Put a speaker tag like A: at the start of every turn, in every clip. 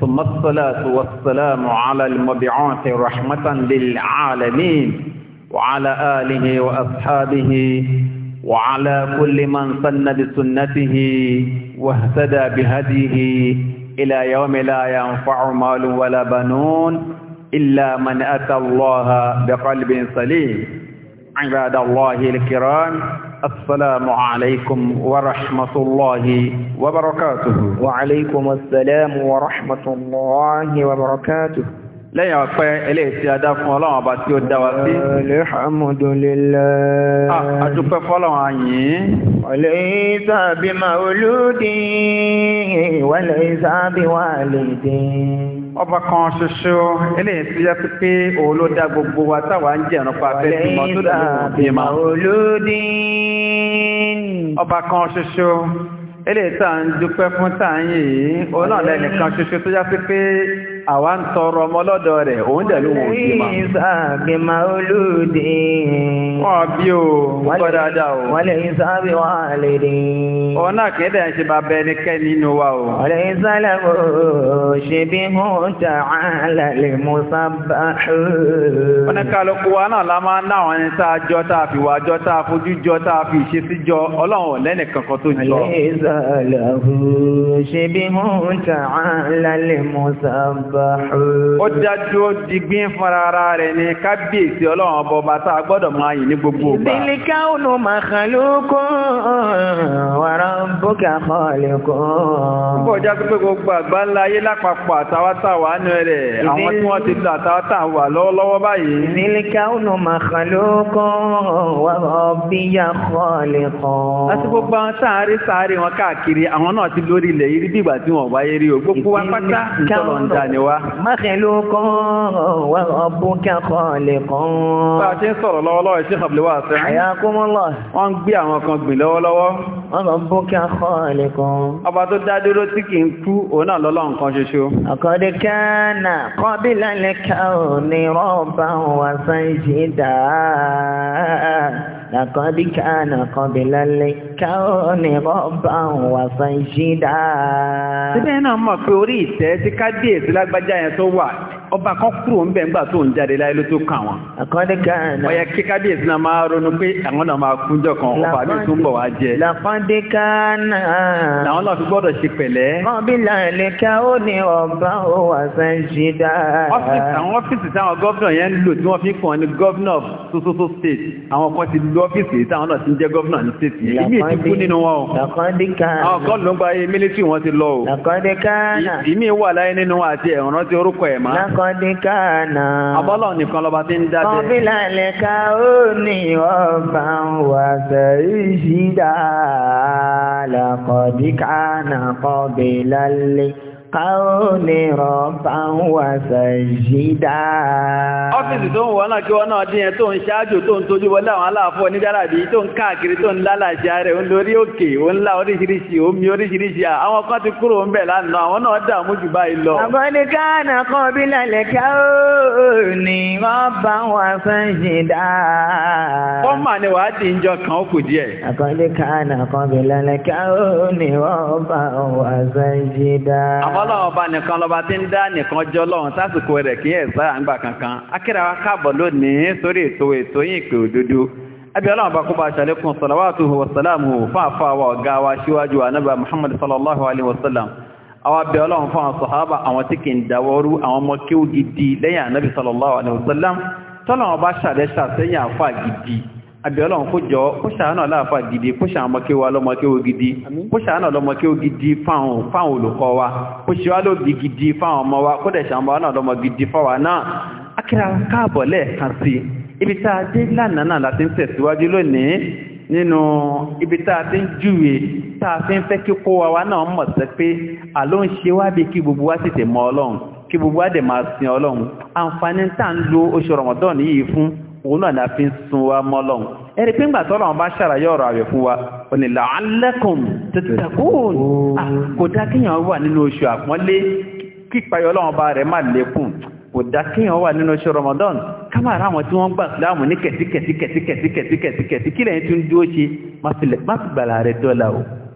A: ثم الصلاة والسلام على المبعوث رحمة للعالمين وعلى آله وأصحابه وعلى كل من سن بسنته واهتدى بهديه إلى يوم لا ينفع مال ولا بنون إلا من أتى الله بقلب سليم عباد الله الكرام السلام عليكم ورحمة الله وبركاته وعليكم السلام ورحمة الله وبركاته lẹ́yìn ọ̀pẹ́ eléyìí tí a dá fún ọlọ́run ọba tí ó dá
B: wa sí. alhamdulillah. a dúpẹ́ fọ́lọ́run àyìn. walaysa bi mauludi walaysa bi walidi ọba kan ṣoṣo eléyìí tó yẹ pé òun ló dá gbogbo wa
A: táwa ń jẹ ẹran pa abẹ́ ìmọ̀ tó dà bí ma. ọba kan ṣoṣo eléyìí tá à ń dúpẹ́ fún tá à ń yìí òun náà lẹ́nìkan ṣoṣo tó yẹ pé àwa ń tọrọ ọmọ lọ́dọ̀ rẹ̀ òun dẹ̀ ló wò ó bí ma. ìsà bí ma
B: olóde. wọ́n bí o kọ́ dáadáa o. wọ́n lè ìsà bí wọ́n á lè dé. òun náà kì í dẹ̀ ń ṣe ẹnikẹ́ni nínú wa o. wọ́n lè ìsà lẹ́kọ̀ọ́ ṣe bí wọ́n ta àlà lè mú sábà. wọ́n ní kálukú wa náà
A: la máa ń ná àwọn ẹni tá a jọ tá a fi wá tá a fojú jọ tá a fi ìṣesí jọ ọlọ́run lẹ́nì
B: kankan ó dájú
A: ó di gbín fúnra ara rẹ̀ ní kábíyèsí ọlọ́run ọba ọba tá a gbọ́dọ̀ máa yìn ní gbogbo ìgbà. ìbílẹ̀
B: káwọn màkàlùkọ́ wàrà bókè àmọ́lẹ̀kọ́. bó jẹ́ pé gbogbo àgbà ńlá ayé
A: lápapọ̀ àtàwátàwà nù rẹ̀ àwọn tí wọ́n ti lọ
B: àtàwátàwà lọ́wọ́lọ́wọ́ báyìí. ìbílẹ̀ káwọn màkàlùkọ́ wàrà bíyà kọ́lẹ̀kọ́. àti gbogbo àwọn sáàrí
A: sáàrí wọn káàkiri àwọn náà ti lórí ilẹ̀ yìí wá.
B: mákìlú kan wà ọ̀bùn kẹ́kọ̀ọ́ lè kàn.
A: bá a ti ń sọ̀rọ̀ lọ́wọ́lọ́wọ́ ìṣe àbúlẹ̀wà sẹ́. àyà kúmọ́lọ̀. wọ́n ń gbé àwọn kan gbìn lọ́wọ́lọ́wọ́.
B: ọ̀bùn kẹ́kọ̀ọ́ lè kàn.
A: ọba tó dá dúró tí kì í kú òun náà lọ́lọ́ lágbájá yẹn tó wà ọba kan kúrò ń bẹ̀ ńgbà tó ń jáde láyé ló tó kàn wọn. àkọ́dé kàánà. ọ̀yà kí náà máa ronú pé àwọn náà máa kúnjọ kan ọba mi tún bọ̀ wá jẹ.
B: làkọ́dé kàánà.
A: làwọn náà fi gbọ́dọ̀ ṣe pẹ̀lẹ́.
B: kọ́bílà ìlẹ́kà ó ní ọba ó wà sàn ṣe dáa. àwọn
A: ọ́fíìsì táwọn gọ́vnà yẹn ń lò tí wọ́n fi ń kàn ní gọ́vnà sososo state àwọn kan ti lu ọ́fíìsì yìí táwọn náà ti ń jẹ́ gọ́vnà ní state yìí. ìmí ti kú nínú wọn o.
B: làkọ́dé kàánà. àwọn kan ló ń gba
A: military wọn ti lọ o. làkọ́dé kàánà. ìmí wà láyé nínú àti ẹ̀rọ
B: kọ́díkà náà. Abọ́lọ̀
A: nìkan lọba tí ń dábẹ́. Kọ́bílà
B: lè ó ní ọba wà sẹ́yìn sí dáa. Lọ́kọ̀díkà náà kọ́bílà káwọ́nì rọ̀bà ń wà sàìjídá. ọ́fíìsì
A: tó ń wọ́n náà kí wọ́n náà díyẹn tó ń ṣáájú tó ń tójú wọlé àwọn aláàfọ́ ní dáràbí tó ń káàkiri tó ń lálàjá rẹ̀ ń lórí òkè ń lá oríṣiríṣi omi oríṣiríṣi àwọn kan ti kúrò ń bẹ̀ lánàá àwọn náà dààmú jù báyìí
B: lọ. àbọ̀dé káànà kan bí lálẹ́ káwọ́nì rọ̀bà wà sàìjídá.
A: fọ́ọ̀mà ọlọ́run ọba nìkan lọ́ba tí ń dá nìkan jọ lọ́run sásìkò rẹ̀ kí ẹ̀ sára ń gbà kankan akéra wa káàbọ̀ lónìí sórí ètò ètò yìí ìpè òdodo abi ọlọ́run bá kó bá ṣàlékún sọ̀làwàtò wasalamu fún àfàwà ọ̀gá wa síwájú anábà muhammad sallallahu alaihi wasallam àwọn abẹ ọlọ́run fún àwọn sọ̀hábà àwọn tí kì í dáwọ́rú àwọn ọmọ kéwù gidi lẹ́yìn anábì sallallahu alaihi wasallam tọ́lọ́run bá ṣàlẹ́ṣà sẹ́yìn àfà gidi àbíọ́lọ́run kó jọ kó ṣàánà láàfà gidi kó ṣàánà mọ́kéwà lọ́mọkéwò gidi kó ṣàánà lọ́mọkéwò gidi fáwọn olùkọ́ wa kó ṣe wá lóbi gidi fáwọn ọmọ wa kó dẹ̀ ṣàánà lọ́mọ gidi fáwa náà akíra káàbọ̀ lẹ́ẹ̀kan sí ibi tá a dé lánàá náà láti ń tẹ̀síwájú lónìí nínú ibi tá a ti ń júwe tá a fi ń fẹ́ kíkó wa wa náà mọ̀ sí pé àló ń ṣe wá bí kí gbogbo wa tètè mọ ọlọ́run kí gbogbo wa dẹ̀ máa sin ọlọ́run àǹfààní tá à ń lo oṣù rọ̀mọ̀dọ́ọ̀nù yìí fún òun náà la fi ń sun wa mọ́lọ́n ẹni pé ń gbà tọ́lọ̀ wọn bá ṣàràyọ ọ̀rọ̀ àwẹ̀ fún wa ò ní la'allakum tattaqun kò dá kíyàn wà nínú oṣù àpọ́nlé kípayọ ọlọ́run bá rẹ̀ má lékún kò dá kíyàn wà nínú oṣù Ramadan kámàrà àwọn tí wọ́n gbà síláàmù ní kẹ̀tíkẹ̀tíkẹ̀tíkẹ̀tíkẹ̀tíkẹ̀tíkẹ̀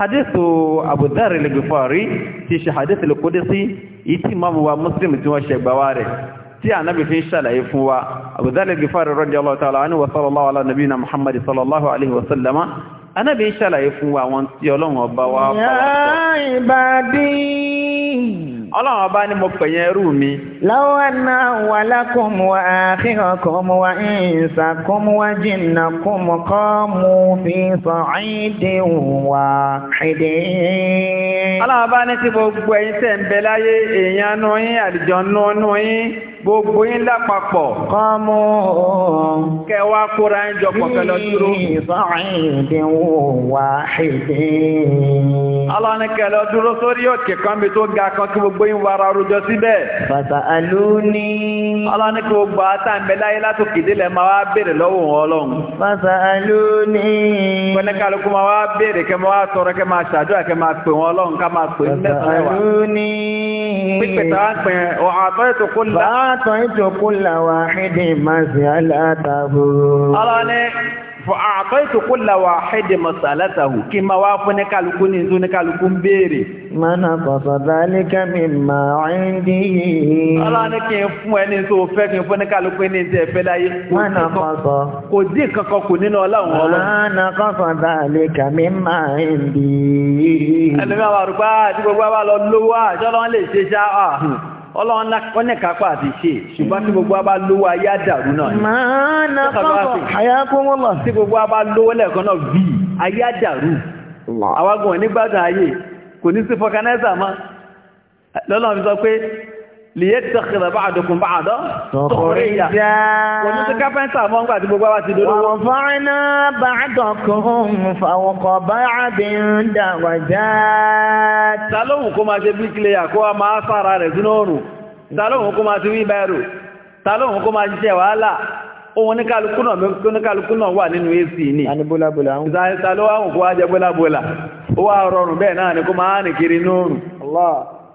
A: hadithu Abu Dharr al-Ghifari tí ṣe hadith al-Qudsi ìtí wa Muslim tí wọ́n ṣe gbàwá rẹ̀ fi shala ifuwa Abu Dharr al-Ghifari radiyallahu ta'ala anhu wa sallallahu ala nabiyina Muhammad sallallahu alaihi wa sallama ànábì ń ṣàlàyé fún wa wọn tí wa bá wa
B: ọlọ́run ọba ni mo pè yẹn rú mi. law anna awwalakum wa akhirakum wa insakum wa jinnakum qamu fi sa'idin wahidin. ọlọ́run ọba ní tí gbogbo ẹ̀yin tẹ̀ ń bẹ láyé èèyàn nù yín àlùjọ nù yín gbogbo yín lápapọ̀.
A: kọ́mú. kẹwàá kóra ń jọpọ̀ pẹ̀lú dúró. ìsọ̀rìndín
B: wà ṣèdè.
A: ọlọ́run kẹlẹ́ dúró sórí òkè kan bí tó ga kan kí gbogbo gbogbo yín wara rojọ síbẹ̀.
B: bàtà àlóní.
A: ọlọ́ni kò gbà tá n bẹ láyé látò kìdílẹ̀ máa wá béèrè lọ́wọ́ wọn ọlọ́run.
B: bàtà àlóní.
A: pẹ̀lẹ́ kálukú máa wá béèrè kẹ́ máa wá tọrọ kẹ́ máa ṣàdúrà kẹ́ máa pè wọn ọlọ́run ká máa pè ní mẹ́sàn-án wa. bàtà
B: àlóní. pípẹ́ fọ àtọ́ìtò kó làwà àhẹ́dẹ̀
A: masalatahu kí ma wá fún ní kálukú ní ìzú
B: ní kálukú ń béèrè. mana kọ̀sọ̀ dálíkà mi máa ń dí yìí. ọlọ́ni kí n
A: fún ẹni tó fẹ́ kí n fún ní kálukú ní ìtẹ́ fẹ́ láyé. mana kọ̀sọ̀. kò dín kankan kù nínú ọlọ́run ọlọ́run. mana
B: kọ̀sọ̀ dálíkà mi máa ń dí yìí. ẹlòmíràn wà rúpa ah, àti gbogbo àwa lọ
A: lówó àjọ ah, ọlọ́run náà ní kápá àti ṣe ṣùgbọ́n tí gbogbo abá lówó ayé àdàrú náà ni. máa na fọ́fọ́ àyàkómọ́lọ̀. tí gbogbo abá lówó lẹ́ẹ̀kan náà bí ayé àdàrú. àwa gan nígbàdàn ayé kò ní sí fọkanáísà mọ́ lọ́lọ́run fi sọ pé lìyẹ́tẹ̀kìrà bá àdùkùn bá àdọ́ tọkọrí ìyá
B: wọ́n ti kápẹ́ntà mọ́ nígbà tí gbogbo wa ti dúró. wọ́n fọ́nà bá àdọ̀kùn fàwọ̀kọ̀ bá àbíńdà wàjá. tàlóhùn kó máa ṣe
A: bíkìlẹ̀yà kó wa máa sára rẹ̀ sínú òrùn tàlóhùn kó máa ti wí bẹ́ẹ̀rù tàlóhùn kó máa ṣiṣẹ́ wàhálà ohun oníkálukú náà wà nínú ac ni. a ní bólábólà ń. ìsàlẹ̀ wa ń kó wa jẹ ó wà rọrùn bẹ́ẹ̀ náà ni kó máa rìn kiri ní òrùn.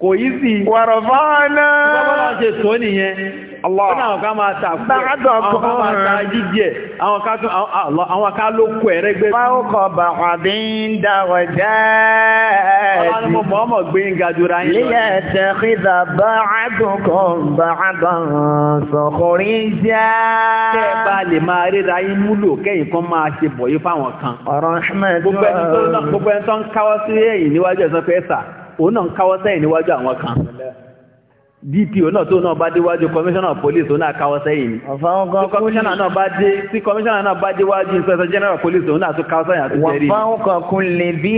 A: kò yí sí wàrọ̀fáàná bọ́bọ́lá ṣe tó nìyẹn àwọn ká máa tàkù àwọn ká máa ta jíjẹ àwọn ká ló kọ ẹ̀rẹ́ gbé fáwọ́kọ̀ bàwàbí ń dáwọ̀ jáàdì ọlọ́run mọ́mọ̀ gbé ń gajúra yìí lílẹ̀
B: tẹ̀kídà bá àdùnkọ̀ bá àdàn sọ̀kọ̀rí
A: jáà tẹ́ bá lè òun náà ń káwọ́ sẹ́yìn níwájú àwọn kan DPO náà tó náà bá déwájú kọmíṣánná police òun náà káwọ́ sẹ́yìn ni. tí náà bá déwájú inspector general police òun náà tó káwọ́ sẹ́yìn àti lè bí.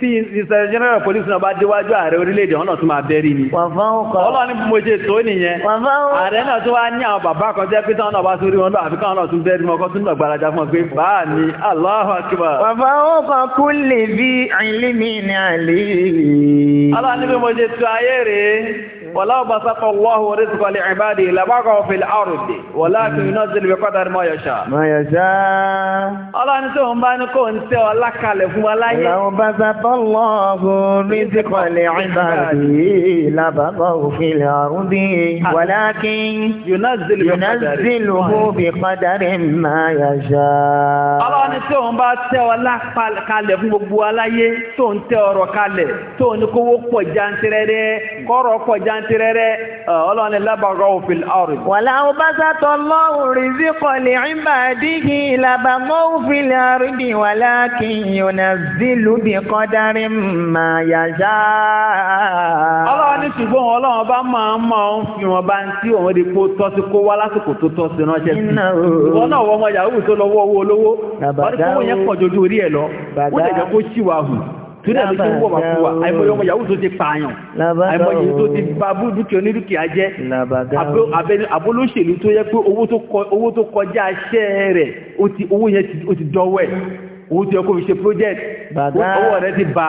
A: tí inspector general police náà bá déwájú ààrẹ orílẹ̀-èdè ọ̀nà tó máa bẹ́rí ni. ọlọ́ni mo tó nìyẹn. ààrẹ náà bàbá kan jẹ́ ولو بسط الله رزق لعباده لبقوا في الأرض ولكن ينزل بقدر ما يشاء
B: ما يشاء
A: الله نسوهم بانكو نسيو
B: الله كالف ملاي لو بسط الله رزق لعباده لبقوا في الأرض ولكن ينزل ينزله بقدر ما يشاء الله
A: نسوهم بانسيو الله كالف مبوالاي تون تيورو كالف تون كوو قجان سرده
B: كورو قجان rántí rẹ́rẹ́ ọlọ́run ni lábàgọ́ òfin ọ̀rùn. wàlá o bá sátọ lọ́wọ́ rìzí kọ̀lì ìgbà dígì làbàgọ́ òfin àrùbí wàlá kì í yọ̀nà zílù bí kọ́dárí mà yàjá. ọlọ́run ní ṣùgbọ́n ọlọ́run bá máa ń mọ òun fi wọn bá ń tí òun di kó tọ́ kó wá lásìkò tó
A: tọ́ sí ránṣẹ́ sí. ìwọ náà wọ́n mọ yahoo tó lọ wọ́ owó olówó. bàbá dáwọ́ torí àti tó wọ̀ wàkúwà àìmọye ọmọ yahoo tó ti pààyàn
B: àìmọye tó ti
A: ba dúkìá onídúkìá jẹ́ abólóṣèlú tó yẹ pé owó tó kọjá aṣẹ́ rẹ̀ owó yẹn ó ti dọ́wọ́ ẹ̀ owó tó yẹ kó fi ṣe project owó rẹ̀ ti bá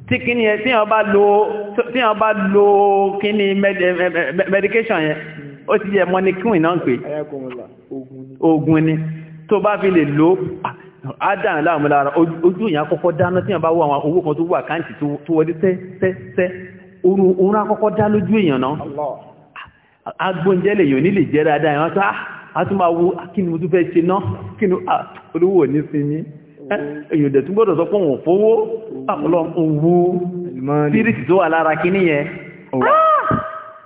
A: tí kíní yẹn tíyàn bá lo kíní medication yẹn ó ti yẹ mọ́nikún ìná ń pè ogun ni tó bá fi lè lo àdán láàmú lára ojú ìyàn kọ́kọ́ dáná tíyàn bá wọ àwọn owó kan tó wà káǹtì tó wọlé tẹ́tẹ́tẹ́ orun akọ́kọ́ dá lójú èèyàn náà agbóúnjẹ lè yàn nílè jẹ́ dáadáa ìrántá ah, a tún máa wo kí ni mo tún fẹ́ ṣe náà kí ni ah, olówó ní sinmi èyàn dẹ̀ tún gbọ́dọ̀ sọ pé òun fowó àpọ̀lọ́ òun wo spiriti tó wà lára kí níyẹn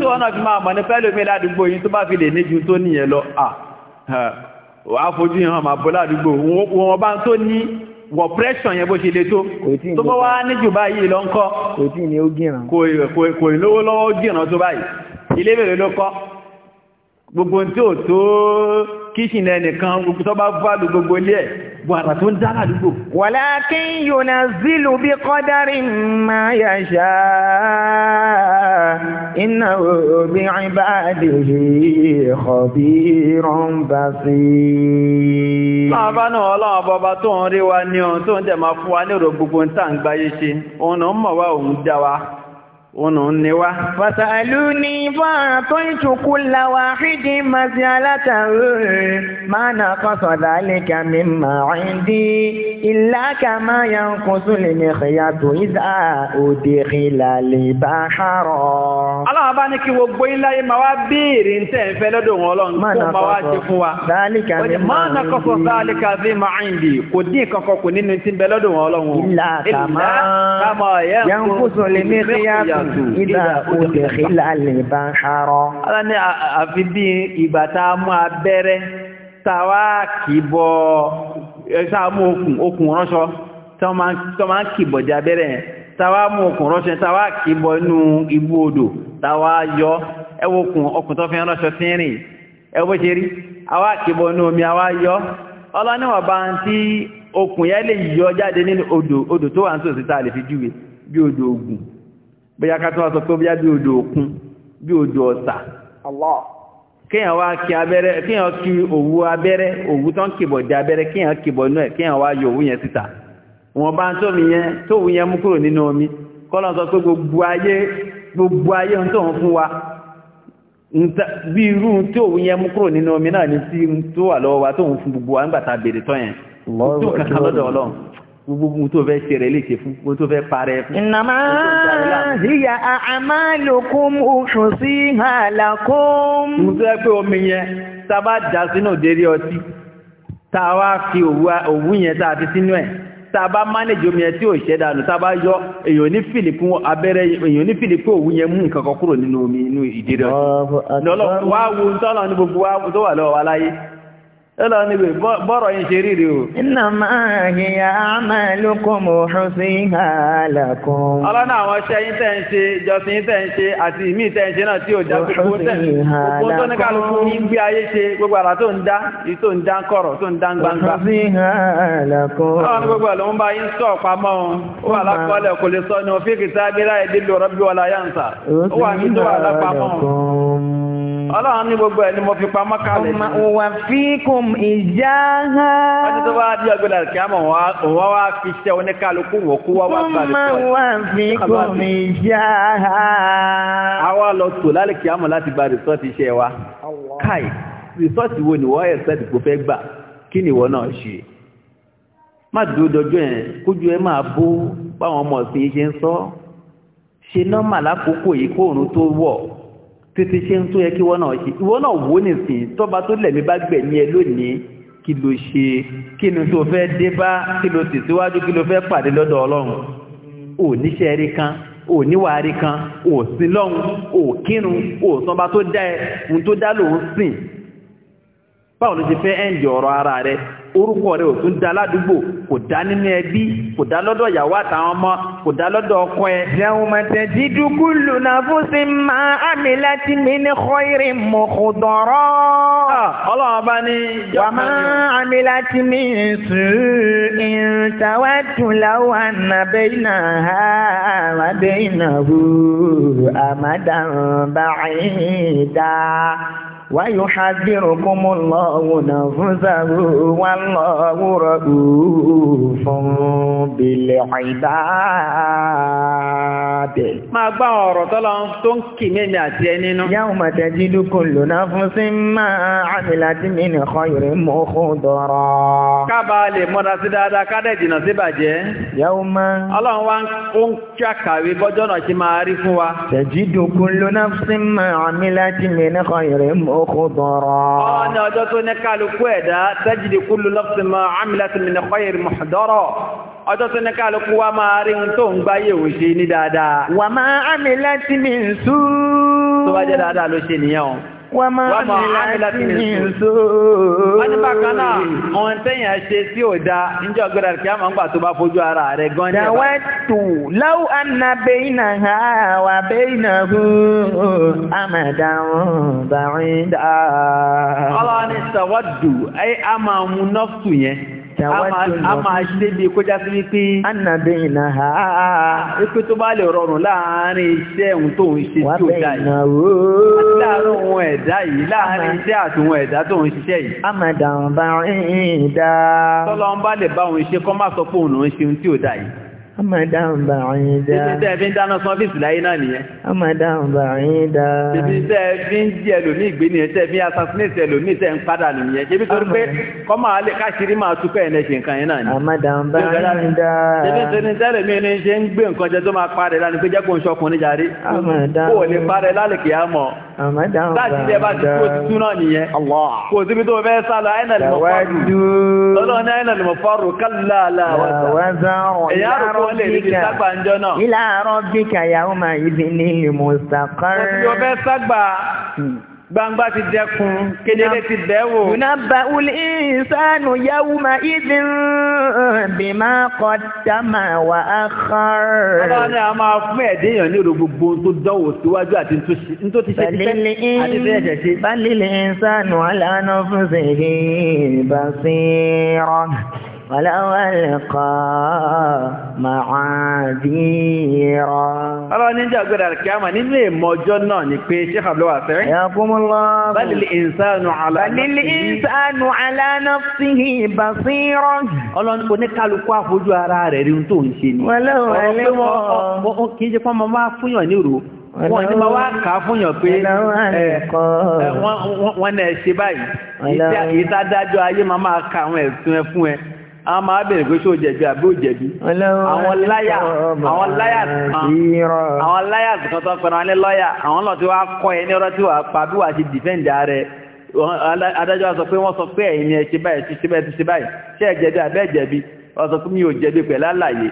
A: tí wọ́n náà fi máa mọ̀ ní pẹ́lú mi ládùúgbò yìí tó bá fi lè níjú tó níyẹn lọ àà fojú ìhàn máa bọ́ ládùúgbò wọn bá tó ní wọ̀ pressure yẹn bó ṣe le tó tó bọ́ wá níjù báyìí lọ ń kọ́ kò ìlówó lọ́wọ́ gìràn tó báyìí ilé mèrè ló kọ́ gbogbo tí ò tó kíṣìn ẹnìkan gbogbo tó bá fàlù gbogbo ilé ẹ̀ wàrà tó ń dá
B: àdúgbò. walakin yunazzilu bi qadarin ma yasha innahu bi ibadihi khabirun basir. láàbá náà ọlọ́run bọba tó ń rí
A: wa ní ohun tó ń dẹ̀ máa fún wa ní ọ̀rọ̀ gbogbo ń tà ń gbáyé ṣe òun náà mọ̀ wá òun dá wa
B: ọ̀nà ni wá. Fàtàlú ní fọ́nrán tó ń tukú láwá fídí máa ti alátàrú rẹ̀ máa nà kan sọ̀dá lè kà mí máa ń dí. Ìlà kà máa yà ń kún sún lè ní ìyá tó ìzà òde ìlà lè bá ṣàrọ̀. Aláwọ̀ bá ní kí gbogbo iláyé máa wá béèrè ń tẹ̀ ń fẹ́ lọ́dọ̀ wọn
A: ọlọ́run kó máa wá ṣe fún
B: wa. Máa nà kan sọ sáálé
A: kà mí máa ń dí. Kò dín kankan kò nínú tí àbù ìdá òdè
B: ìlà lè bá ń ṣàrọ.
A: ara ní àfi bí ìgbà tá a mú abẹ́rẹ́ tá a wá kì í bọ tá a mú okùn okùn ránṣọ tá a máa ń kì í jẹ abẹ́rẹ́ yẹn mú okùn ránṣọ tá a inú ibú odò tá yọ ẹ wo okùn okùn tó fi ránṣọ sí rìn ẹ bó ṣe yọ ọlọ́níwọ̀n bá ń tí okùn yọ jáde nínú odò tó wà ń tòsí tá a ka ká tó wá sọ pé bóyá bí odò òkun bí odò ọ̀sà kíyàn wá kí abẹ́rẹ́ kíyàn òwú abẹ́rẹ́ òwú tán kìbọ̀ dé abẹ́rẹ́ kíyàn kìbọ̀ náà kíyàn wá yọ òwú yẹn síta wọn bá ń tómi yẹn yẹn mú kúrò nínú omi kọ́lọ̀ sọ pé gbogbo ayé ń fún wa bí irú tóòwú yẹn mú kúrò nínú omi náà ní tó wà lọ́wọ́ wa fún gbogbo wa tó kàkà lọ́dọ̀ ọlọ́run gbogbo ohun tó fẹ́ ṣe rẹ̀ lè ṣe fún ohun tó fẹ́ parẹ́ fún. ìnàmá ìyá
B: àmàlòkún oṣù sí àlàkún. ohun tó yẹ omi yẹn
A: tá a sínú òdèrè ọtí tá fi òwú yẹn tá fi sínú ẹ̀ tá a omi yẹn tí ò ṣe dànù yọ èèyàn ní ẹlọ níbi bọ́rọ̀ yìí ṣe rírí o.
B: iná máa yíya àmàlùkùn òhun sí àlàkùn. ọlọ́nà
A: àwọn ṣẹ́ yín tẹ́ ń ṣe ìjọsìn tẹ́ ń ṣe àti ìmí tẹ́ ń ṣe náà tí ò dá gbogbo tẹ́ gbogbo tó ní kálukú yín gbé ayé ṣe gbogbo àrà tó ń dá yìí tó ń dá kọ̀rọ̀ tó ń dá gbangba. òhun sí
B: àlàkùn. ọlọ́run gbogbo
A: ló ń bá yín sọ pamọ́ ó wà lápọ̀ọ́lẹ̀ ní gbogbo ẹni mo fi pamọ́ kalẹ̀ ní.
B: wà fi kùn ìjà ha. wọ́n tó
A: bá di ọgbẹ́lẹ̀ kí á mọ̀ wọ́n wá fi ṣẹ́ oníkálukú wò kú wá gbà lè kí á mọ̀ láti gba rìsọ́ọ̀tì iṣẹ́ wa. káì rìsọ́ọ̀tì wo ni wọ́n yẹ sẹ́ẹ̀tì kò fẹ́ gbà kí ni ìwọ náà ṣe. má dúró dọjọ́ yẹn kójú ẹ máa bó báwọn ọmọ ọ̀sìn yìí ṣe ń sọ ṣe nọ́mà lákòókò yìí kóòrùn tó wọ̀ tètè ṣe ń tó yẹ kí wọ́n náà ṣe ìwọ́n náà wó nìsín tọ́ba tó lẹ̀mí bá gbẹ̀mí ẹ lónìí kí ló ṣe kí ni tó fẹ́ dé bá kí ló tẹ̀síwájú kí ló fẹ́ pàdé lọ́dọ̀ ọlọ́run ò níṣẹ́ rí kan ò níwàárí kan ò sí lọ́hùn ò kírun ò sanba tó dá ẹ ohun tó dá lòun sìn báwo ló ti fẹ́ ẹ̀ǹdì ọ̀rọ̀ ara rẹ̀ orúkọ rẹ̀ ò tún da ládùúgbò kò dá nínú ẹbí kò dá lọ́dọ̀ ìyàwó àtàwọn ọmọ kò dá lọ́dọ̀ ọkọ ẹ. yawma tajidu
B: kullu nafsin ma amilat min khairin muhdara. ọlọ́run bá ní. wa ma amilat min su'in tawaddu law anna baynaha wa baynahu amadan ba'ida. ويحذركم الله نفسه والله رؤوف بالعباد máa gbá ọ̀rọ̀ tọ́lọ tó ń kì mẹ́ni àti ẹni nú. يوم تجد كل نفس ما عملت من خير مخضرا. kábà
A: lè múra sí dáadáa kádẹ̀ jìnnà sí bàjẹ́. يوم ọlọ́run wá ó ń ṣàkàwé bọ́jọ́ náà ti máa rí fún
B: wa. تجد كل نفس ما عملت من خير مخضرا. خضرا
A: أنا أجدت نكال كويدا تجد كل نفس ما عملت من خير محضرا ọjọ́ tó ní kálukú wa máa rí ohun tó ń gbáyé òun ní dáadáa. wà máa àmì mi ń sú. tó bá jẹ́ dáadáa ló ṣe nìyẹn wọ́n máa ń láti ní ìṣó. wọ́n ní tẹ́yìn ṣe sí òda níjọ́ gbéra kí á máa ń gbà tó bá fojú ara rẹ̀ gan ní ẹ̀bá.
B: dàwẹ́ ha wà a máa
A: ṣe bí kójá sí wípé anàbí iná ha wípé tó bá lè rọrùn láàárín iṣẹ́ ohun tó ń ṣe tí ó dá yìí láàárín ohun ẹ̀dá yìí láàárín iṣẹ́ àti ohun ẹ̀dá tó ń ṣiṣẹ́ yìí
B: amàdàn bá rìn dáa tọ́lọ́
A: ń bá lè bá òun ṣe kọ́ má sọ pé òun ló ń ṣe ohun tí ó dá yìí
B: Amadan ba'ida. Títí tẹ́ fi ń dáná
A: sọ ọ́fíìsì láyé náà nìyẹn.
B: Amadan ba'ida. Títí
A: tẹ́ fi ń jí ẹlòmíì gbé nìyẹn tẹ́ fi ń assassinate ẹlòmíì tẹ́ ń padà nìyẹn. Ṣébí torí pé kọ́ máa lè káṣírí máa túkọ̀ ẹ̀ lẹ́ṣin kan yẹn náà ni.
B: Amadan ba'ida. Ṣébí torí
A: tẹ́lẹ̀ mi ni ṣe ń gbé nǹkan jẹ tó máa parẹ́ lánìí pé jẹ́ kó ń ṣọkùnrin jàre.
B: Amadan. Kò lè parẹ́
A: lálẹ́kìá mọ̀.
B: Amadan ba'ida. Láti ilé bá ti kó ti túná
A: nìyẹn. Kò síbi tó fẹ́ sá lọ, àyìnà lè mọ̀ fọ́rù. Tọ́lọ́ ní àyìnà lè mọ̀ fọ́rù kálá wọlé níbi ságbà ń jọ́nà.
B: ilá rabbika yawma idhinil mustaqarr. wọ́n ti yọ bẹ́ẹ̀ ságbà hmm. gbangba ti dẹkun kedere ti dẹwò. yunaba wuli insanu yawma idin bima qaddama wa akhar. ọlọ́run ni a máa fún ẹ̀dínyàn
A: ní gbogbo tó dánwò síwájú àti tó ti ṣe ti fẹ́ àti tó ẹ̀jẹ̀ ṣe.
B: balil insanu ala nafsihi basira. ولو ألقى معاذيرا أرى نجا قد
A: الكيامة نمي موجودنا نكبي شيخ عبد الواسع يقوم الله بل الإنسان على
B: بل الإنسان على نفسه بصيرا Ọlọ́run kò ní kálukú àfojú ara rẹ̀ rí tó ń ṣe ni. Wọ́n lọ́wọ́ ẹlẹ́wọ̀n. Kì í ṣe pọ́n mọ́ máa fúnyàn ní
A: ìrò wọ́n ní ma wá kà á fún yàn pé wọ́n náà ṣe báyìí ìdájọ́ ayé máa máa ka àwọn ẹ̀sùn ẹ fún ẹ àwọn máa bẹ̀rẹ̀ pé ṣó jẹ̀bi àbí ò jẹ̀bi àwọn láyà àwọn láyà àwọn láyà kan tó ń pẹ̀rọ alẹ́ lọ́yà àwọn náà tí wàá kọ́ ẹ ní ọ̀rọ̀ tí wàá pa bí wàá ti dìfẹ́ǹdì ààrẹ adájọ́ sọ pé wọ́n sọ pé ẹ̀yin ni ẹ ṣe báyìí ṣe báyìí ṣe báyìí ṣe ẹ jẹ̀bi àbẹ́ jẹ̀bi wọ́n sọ pé mi ò jẹ̀bi pẹ̀lú àlàyé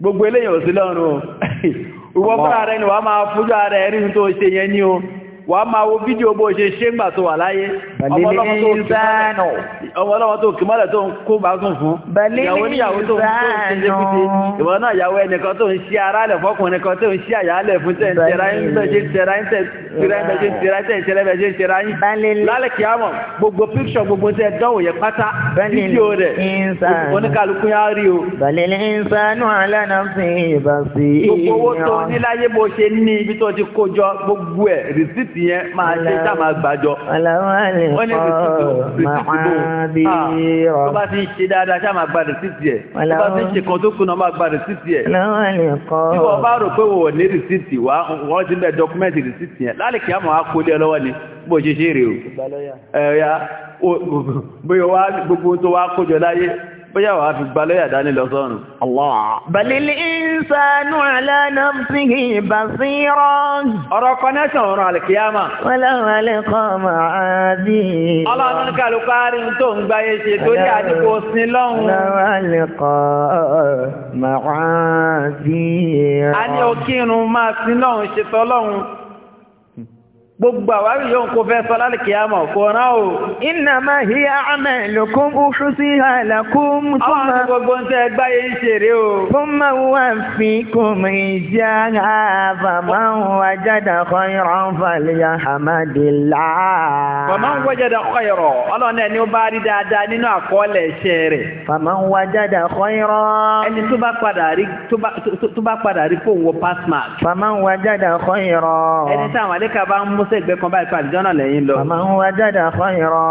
A: gbogbo eléyìí ò sí lọ́rùn o ìwọ fúnra rẹ ni wàá máa fojú ara ẹ tó ṣe yẹn ní o wàá máa wo fídíò bó ṣe ṣe gbà tó wà láyé ọmọlọ́wọ́ tó kì mọ́lẹ̀ tó ń kó bá gùn fún ìyàwó níyàwó tó ń ṣe fídí ìwọ náà ìyàwó ẹnìkan tó ń ṣe aráàlẹ̀ fọ́kùnrin kan tó ń ṣe àyàálẹ̀ fún tẹ̀ rìsíìtì yẹn máa ṣe tá máa gbàjọ.
B: wọ́n ní rìsíìtì bò ah, tó bá
A: ti ń ṣe dáadáa tá máa gba rìsíìtì yẹ tó bá ti ń ṣe kan tó kùnà máa gba rìsíìtì yẹ.
B: bí wọ́n bá rò pé
A: wò ní rìsíìtì wá wọ́n ti ń bẹ dọ́kúmẹ́ntì rìsíìtì yẹn lálẹ́ kí á mọ̀ á kó lé lọ́wọ́ ni bó ṣe ṣe rè o. ẹ̀yà bóyá gbogbo tó wá kójọ bóyá wà á fi gba lọ́yà dání lọ sọ́run. Balil
B: insanu ala nafsihi basira. Ọ̀rọ̀ connection ọ̀rọ̀ àlìkíyàmà. Wala kọ́ máa bí. Ọlọ́run
A: ní kàlùkọ́ àárín tó gbogbo àwárí yóò kó fẹ́ sọ lálìkì àmọ̀ kò rán o.
B: iná máa hí àmẹ́ lòkún oṣù sí àlàkún tó máa. àwọn gbogbo ń tẹ́ gbáyé ń ṣeré o. kó máa wà fi kò mí jẹ́ àbàmọ́ wàjádà kọ́yọ̀rọ̀ fàlẹ́yà hamadilá. bàmọ́
A: wàjádà kọ́yọ̀rọ̀ ọlọ́run ẹni ó bá rí dáadáa nínú àkọọ́lẹ̀
B: iṣẹ́ rẹ̀. bàmọ́ wàjádà kọ́yọ̀rọ̀. ẹni tó bá padà rí tó bá padà rí fóun wọ sẹ́gbẹ́ kan báyìí pàdé jọ́nà lẹ́yìn lọ. àmà ń wá jáde àfọ́yìnrọ.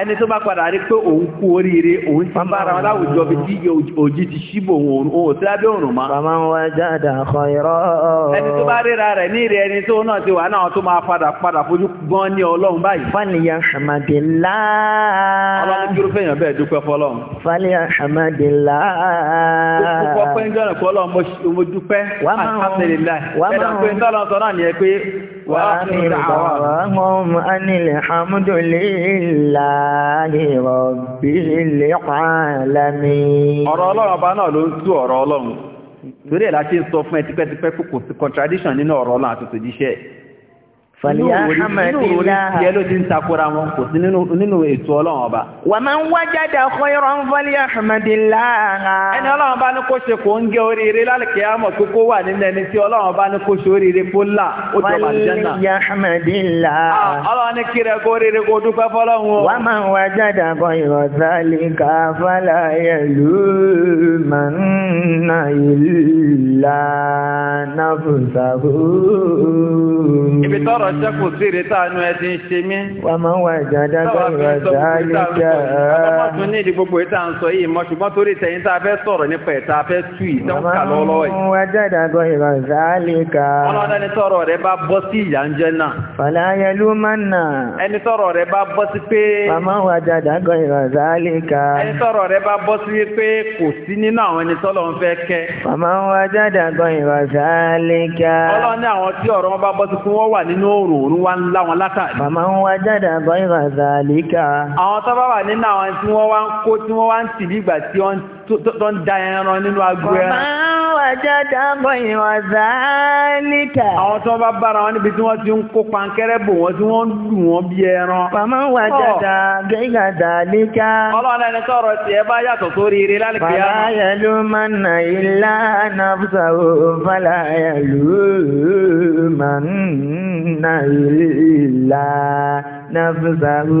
A: ẹni tó bá padà rí pé òun kú oríire òun ti bára wọn láwùjọ bí tí òjì ti
B: ṣíbò òun ò sí lábẹ́ òrùn mọ́. àmà ń wá jáde àfọ́yìnrọ. ẹni tó bá
A: ríra rẹ̀ ní ìrẹ́ ẹni tó náà ti wà náà tó máa padà padà fojú gan ní ọlọ́run báyìí. fàlìyà hamadilá. ọlọ́run
B: وآخر دعواهم أن الحمد لله رب العالمين ọ̀rọ̀ ọlọ́run ọba náà ló tú ọ̀rọ̀ ọlọ́run
A: torí ẹ̀ la sọ fún ẹ tipẹ́tipẹ́ kò sí contradiction nínú ọ̀rọ̀ ọlọ́run àtòtòjíṣẹ́ Fàlíyàhámàdìláhà. Yẹ́lò ti ń takora wọn kò sí nínú ètò ọlọ́run ọba.
B: Wà máa ń wájádà khayran fàlíyàhámàdìláhà. Ẹni
A: ọlọ́run bá ní kó ṣe kò ń gé oríire lálẹ́kẹ̀ àmọ̀ tó kó wà nínú ẹni tí ọlọ́run bá ní kó ṣe oríire fólà ó jọ màjánà.
B: Fàlíyàhámàdìláhà. Ah,
A: ọlọ́run ní kí rẹ̀ kó oríire kó dúpẹ́ fọ́lọ́run ṣẹ́kù sí ìrètà inú ẹ ti ń ṣe mí.
B: wà máa ń wà ìjàdá gbọ́dọ̀ dáálíjà. ọlọ́mọdún
A: ní ìdí gbogbo ìta ń sọ yìí mọ́ ṣùgbọ́n torí tẹ̀yìn tá a fẹ́ sọ̀rọ̀ nípa ẹ̀ta fẹ́ tú yìí tẹ́wọ́n kà lọ́wọ́ yìí.
B: wà jàdá gbọ́dọ̀ dáálíjà. ọlọ́dún ẹni tọrọ
A: rẹ bá bọ́ tọrọ rẹ bá bọ́ sí pé. wà
B: máa ń wà jàdá gbọ́dọ̀ dáálíjà. ẹni tọrọ
A: rẹ bá bọ́ sí pé kò sí nínú àwọn ẹni tọ́lọ́
B: oòrùn òun wá ń lá látàrí. bàmá ń wá jáde àgọ́ ìrànzà àlíkà.
A: àwọn tó wà nínú àwọn tí wọ́n wá ń kó tí wọ́n wá ń tì tí wọ́n ń tó ń da ẹran nínú agbo ẹran.
B: ọ̀bá wàjá dábọ̀ ìwà záálíkà. àwọn tó
A: bá bára wọn níbi tí wọ́n ti ń kó pankẹ́rẹ́ bò wọ́n tí wọ́n ń lù wọ́n bí ẹran. ọ̀bá wàjá dábọ̀
B: ìwà záálíkà.
A: ọlọ́run ẹni sọ̀rọ̀ tí bá yàtọ̀ sórí eré lálẹ́kẹ̀ẹ́. bàbá yẹlu
B: máa nà ilá nàfṣà ò fàlà yẹlu máa nà ilá nafsahu.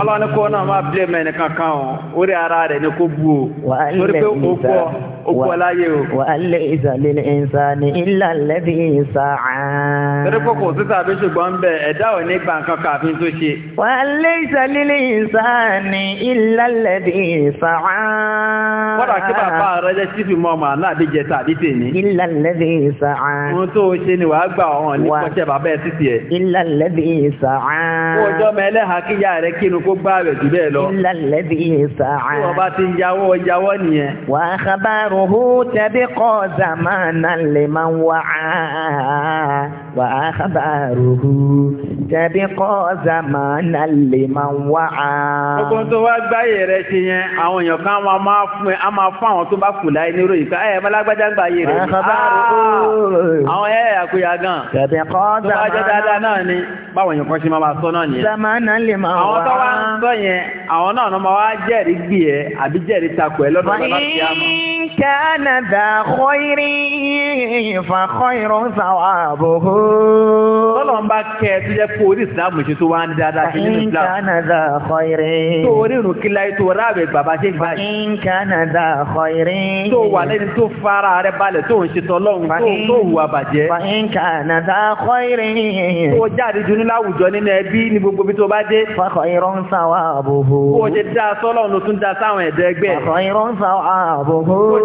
A: ọlọ́ni kó náà máa bí ẹ̀mẹ́ nìkan kan o orí ara rẹ̀ ni kò bu o torí pé o gbọ́
B: okú ọláyé o. wà á lè ìsàlẹ̀ ìsàní ilà lẹ́bí ìsàá.
A: torípò kò sí tàbí ṣùgbọ́n bẹ ẹ̀dá ò ní gbà nǹkan kàfin tó ṣe.
B: wà á lè ìsàlẹ̀ ìsàní ilà lẹ́bí ìsàá. kọ́dà kí bàbá rẹ jẹ́ sífì mọ́ ọmọ àná àbí jẹ tàbí tèmi. ilà lẹ́bí ìsàá. ohun tó ṣe
A: ni wàá gbà ọ̀hún ní kọ́ṣẹ́ bàbá ẹ̀ títì ẹ̀. ilà lẹ́bí ìsàá. kó o jọ́ mẹ́lẹ́hàá kíyà
B: rẹ kínú kó gbá rẹ̀ jù bẹ́ẹ̀ lọ. ilà lẹ́bí ìsàá. tí wọ́n bá ti yàwó yàwó nìyẹn. wàá kábàárò أيامه تبقى زمانا
A: rẹ̀ ṣe yẹn, àwọn èèyàn kan wọn máa fún àwọn tó bá kù láì ní ròyìn ká ẹ̀ rẹ̀. Àwọn ẹ̀ àkúyà gan. Tó bá jẹ́ dáadáa náà ni, báwọn sọ náà nìyẹn. Àwọn tó wá
B: àwọn náà máa wá jẹ́rìí àbí jẹ́rìí ẹ كان ذا خير فخير ثوابه Ọlọ́run bá kẹ́ ẹ tó jẹ́ kó orí ìsìláàmù ṣe tó wá ń dáadáa sí nínú ìsìláàmù. Fàyín kánàdà ọ̀kọ́ìrì. Tó orí ìrùn kí láyé tó ráàbẹ̀ bàbá ṣe gbà yìí. Fàyín kánàdà ọ̀kọ́ìrì. Tó wà lẹ́ni tó fara rẹ̀ balẹ̀ tó ń ṣe tọ́lọ́run tó hùwà bàjẹ́. Fàyín kánàdà ọ̀kọ́ìrì. Tó jáde dunu láwùjọ nínú ẹbí ní gbogbo bí tó bá dé. Fàkọ̀ìrún sáwà àbòbò. Kó o ṣe dáa sọ́lọ́run ló tún dáa sáwọn ẹ̀dẹ́gbẹ́.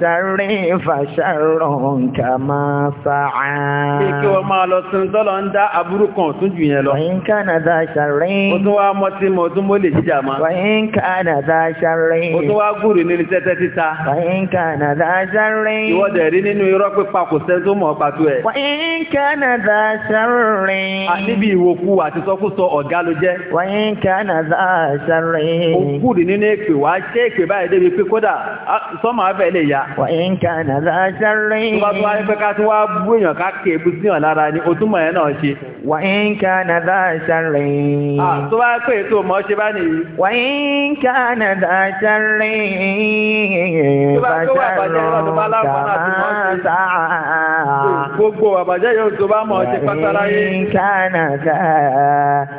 B: sáré fàṣàrọ̀ kàmá sàá. Bí kí wọ́n máa lọ
A: sun tọ́lọ ń dá aburú kan tún jù yẹn lọ.
B: Wọ́n Kánàdá sáré. Ó tún wá mọ́tí mọ́ tún mọ́ lè jíjà ma. Wọ́n Kánàdá sáré. Ó tún wá
A: gùrù nínú tẹ́tẹ́ títa.
B: Wọ́n Kánàdá sáré. Ìwọ́dẹ̀ rí nínú
A: irọ́ pípa kò sẹ́ tó mọ̀ pàtó ẹ̀.
B: Wọ́n Kánàdá sáré. Níbi
A: ìwòkú àti sọkúsọ ọ̀gá ló jẹ́. Wọ́n Kánàdá sáré. Ó gùrù nínú èpè wá ṣé èpè báyìí débi pé kódà sọ́mọ abẹ́ dáadáa. wà ń ká nàdá sáré. tó bá tó wá ní pé ká tó wá bú èèyàn ká ebú sí wọn lára
B: ni o tún náà ṣe. wà ń ká tó bá pè é tó mọ̀ ṣe bá nìyí. wà ń ká tó bá tó wà bàjẹ́ yóò tó
A: bá mọ̀ ṣe pátá láyé.
B: wà ń ká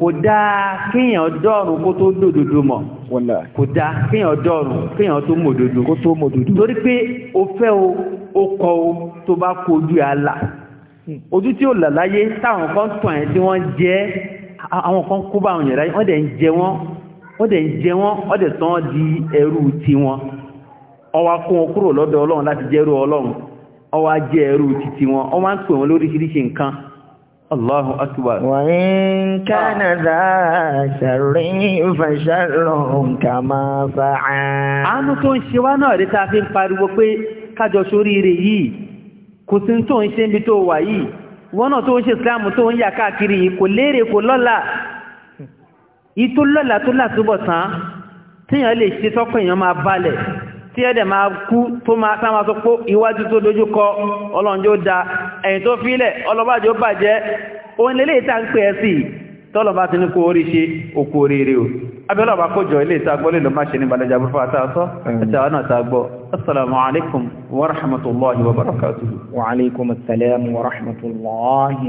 A: kò dáa kíyàn dọ́rùn kó tó dòdòdó mọ̀ kò dáa kíyàn dọ́rùn kíyàn tó mòdòdó kó tó mòdòdó torí pé o fẹ́ o o kọ o tó bá kó ojú ẹ̀ àlà hmm. ojú tí ó là láyé táwọn kan tàn ẹ́ tí wọ́n jẹ́ àwọn kan kó bá àwọn yẹn láyé wọ́n dẹ̀ ń jẹ wọ́n wọ́n dẹ̀ ń jẹ wọ́n wọ́n dẹ̀ tán di
B: ẹrú Allahu akbar. Wa in kana dha sharrin fa sharrun kama fa'a. Àánú tó ń ṣe wá náà rí ta fi ń pariwo pé kájọ ṣoríire
A: yìí, kò sí tó n ṣe to wà yìí, wọ́n náà tó ń ṣe tí ẹ̀dẹ̀ máa kú tó máa sáma tó pó ìwájú tó dojúkọ ọlọ́njọ́ da ẹ̀yìn tó fílẹ̀ ọlọ́bàjọ́ bàjẹ́ òun lélẹ̀ ìta ń pẹ́ sí tọ́lọ̀bá ti ní kó orí ṣe òkú oríire o abẹ́lọ́bà kójọ ilé ìtagbọ́ lè lọ má ṣe assalamu alaikum wa rahmatullahi
B: wa alaikum assalam wa rahmatullahi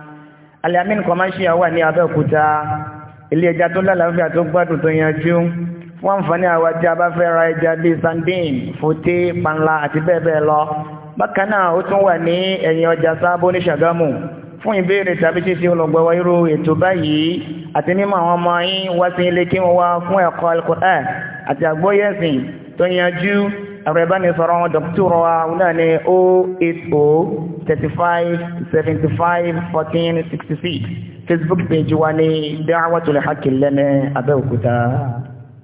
B: Al-Yamin commercial wà ní Abẹ́òkúta ilé ẹja tó lálàáfíà tó gbádùn tó yanjú wọ́n ń fọ́ní àwọn tí a bá fẹ́ ra ẹja bíi sandin fòté panla àti bẹ́ẹ̀ bẹ́ẹ̀ lọ bákan náà ó tún wà ní ẹ̀yìn ọjà sábó ní Ṣàgámù fún ìbéèrè tàbí ṣíṣe olùgbọ̀wọ́ irú ètò báyìí àti mímọ̀ àwọn ọmọ yín wá sí ilé kí wọ́n wá fún ẹ̀kọ́ àti àgbóyẹ̀sìn tó yanjú ẹ̀rọ ìbánisọ̀rọ̀ wọn dọ̀kítọ̀rọ̀ wa wọn náà ní o oh eight o oh thirty five seventy five fourteen sixty six facebook page wa ní Da'watul Haqq lẹ́nu Abẹ́òkúta.